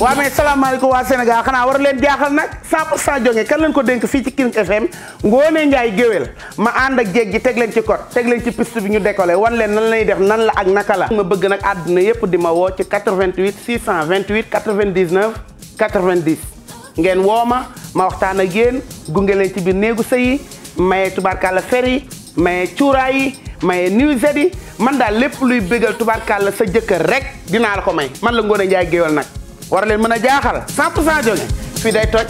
waaw mais salaamaaleykum waa Sénégal xanaa war leen jaaxal nag 100 pour cent jonge kan leen ko dénk fii ci King FM Ngoné Ndiaye géwél ma ànd ak jéeg ji teg leen ci code teg leen ci piste bi ñu décollé wan leen nan lay def nan la ak naka la ma bëgg nag àdduna yépp di ma woo ci 88 628 99 90 ngeen woo ma ma waxtaan a yéen gunge leen ci biir néegu sëy yi maye tubaarkàlla fer yi maye cuuraay yi maye nuisette yi man daal lépp luy bégal tubaarkàlla sa jëkkër rek dinaa la ko may man la Ngoné Ndiaye géwél nag war leen mën a jaaxal 100 pour cent jonge fii day toj.